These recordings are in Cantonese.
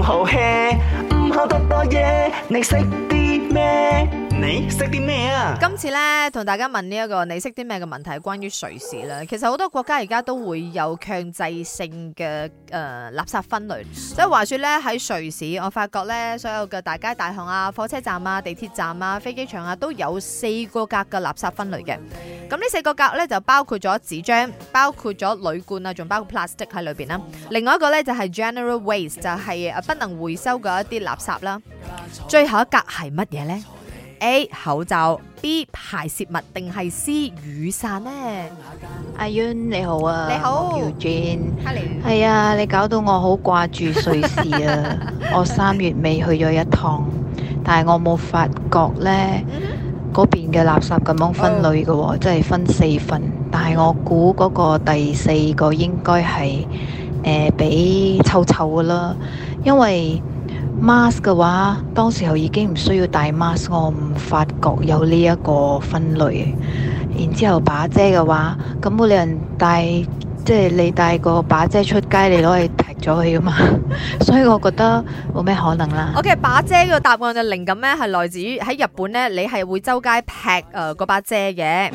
唔好氣，唔好多多嘢。你識啲咩？你識啲咩啊？今次咧同大家問呢、這、一個你識啲咩嘅問題，關於瑞士啦。其實好多國家而家都會有強制性嘅誒、呃、垃圾分類。即係話說咧喺瑞士，我發覺咧所有嘅大街大巷啊、火車站啊、地鐵站啊、飛機場啊，都有四個格嘅垃圾分類嘅。咁呢四個格咧就包括咗紙張，包括咗鋁罐啊，仲包括 Plastic 喺裏邊啦。另外一個咧就係、是、general waste，就係不能回收嘅一啲垃圾啦。最後一格係乜嘢呢？A 口罩，B 排泄物定係 C 雨傘呢？阿 Yun 你好啊，你好，係啊 Hello.、哎，你搞到我好掛住瑞士啊！ 我三月尾去咗一趟，但係我冇發覺咧。Mm hmm. 嗰邊嘅垃圾咁樣分類嘅喎、哦，oh. 即係分四份，但係我估嗰個第四個應該係誒畀臭臭嘅啦，因為 mask 嘅話，當時候已經唔需要戴 mask，我唔發覺有呢一個分類。然之後把遮嘅話，咁冇理由人帶，即係你帶個把遮出街，你攞嚟咗佢噶嘛，所以我覺得冇咩可能啦。OK，把遮個答案嘅靈感咧，係來自於喺日本咧，你係會周街劈誒嗰、呃、把遮嘅。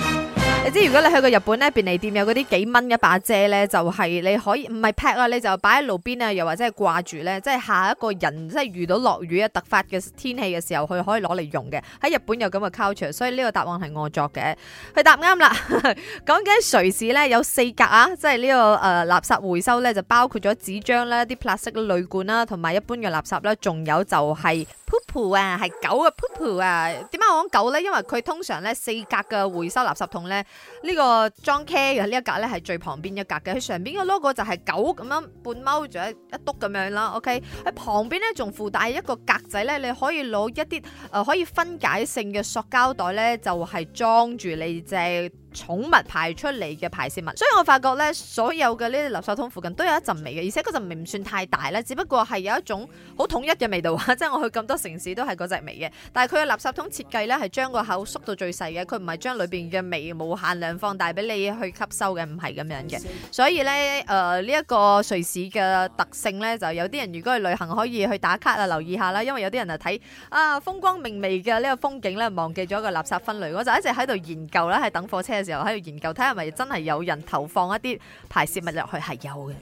你知如果你去過日本咧，便利店有嗰啲幾蚊一把遮咧，就係、是、你可以唔係劈 a 啊，pack，你就擺喺路邊啊，又或者係掛住咧，即係下一個人即係遇到落雨啊、突發嘅天氣嘅時候，佢可以攞嚟用嘅。喺日本有咁嘅 culture，所以呢個答案係我作嘅，佢答啱啦。咁講緊瑞士咧有四格啊，即係呢、這個誒、呃、垃圾回收咧就包括咗紙張啦、啲プラス嘅鋁罐啦，同埋一般嘅垃圾啦，仲有就係 poopoo 啊，係狗嘅 poopoo 啊。點解、啊、我講狗咧？因為佢通常咧四格嘅回收垃圾桶咧。呢、這個裝 K 嘅呢一格咧係最旁邊一格嘅，喺上邊個 logo 就係狗咁樣半踎住一一篤咁樣啦。OK，喺旁邊咧仲附帶一個格仔咧，你可以攞一啲誒、呃、可以分解性嘅塑膠袋咧，就係、是、裝住你隻。寵物排出嚟嘅排泄物，所以我發覺呢所有嘅呢啲垃圾桶附近都有一陣味嘅，而且嗰陣味唔算太大咧，只不過係有一種好統一嘅味道啊！即 係我去咁多城市都係嗰隻味嘅，但係佢嘅垃圾桶設計呢，係將個口縮到最細嘅，佢唔係將裏邊嘅味無限量放大俾你去吸收嘅，唔係咁樣嘅。所以呢，誒呢一個瑞士嘅特性呢，就有啲人如果去旅行可以去打卡啊，留意下啦，因為有啲人啊睇啊風光明媚嘅呢個風景呢，忘記咗個垃圾分類，我就一直喺度研究啦，係等火車時候喺度研究，睇係咪真係有人投放一啲排泄物落去，係有嘅，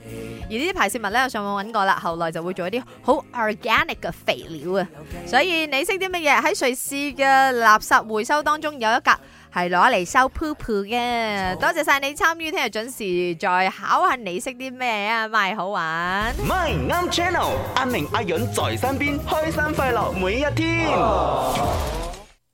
而呢啲排泄物咧，我上網揾過啦，後來就會做一啲好 organic 嘅肥料啊。所以你識啲乜嘢？喺瑞士嘅垃圾回收當中有一格係攞嚟收 poop 嘅。多謝晒你參與，聽日準時再考下你識啲咩啊，咪好玩。My number channel，阿明阿允在身邊，開心快樂每一天。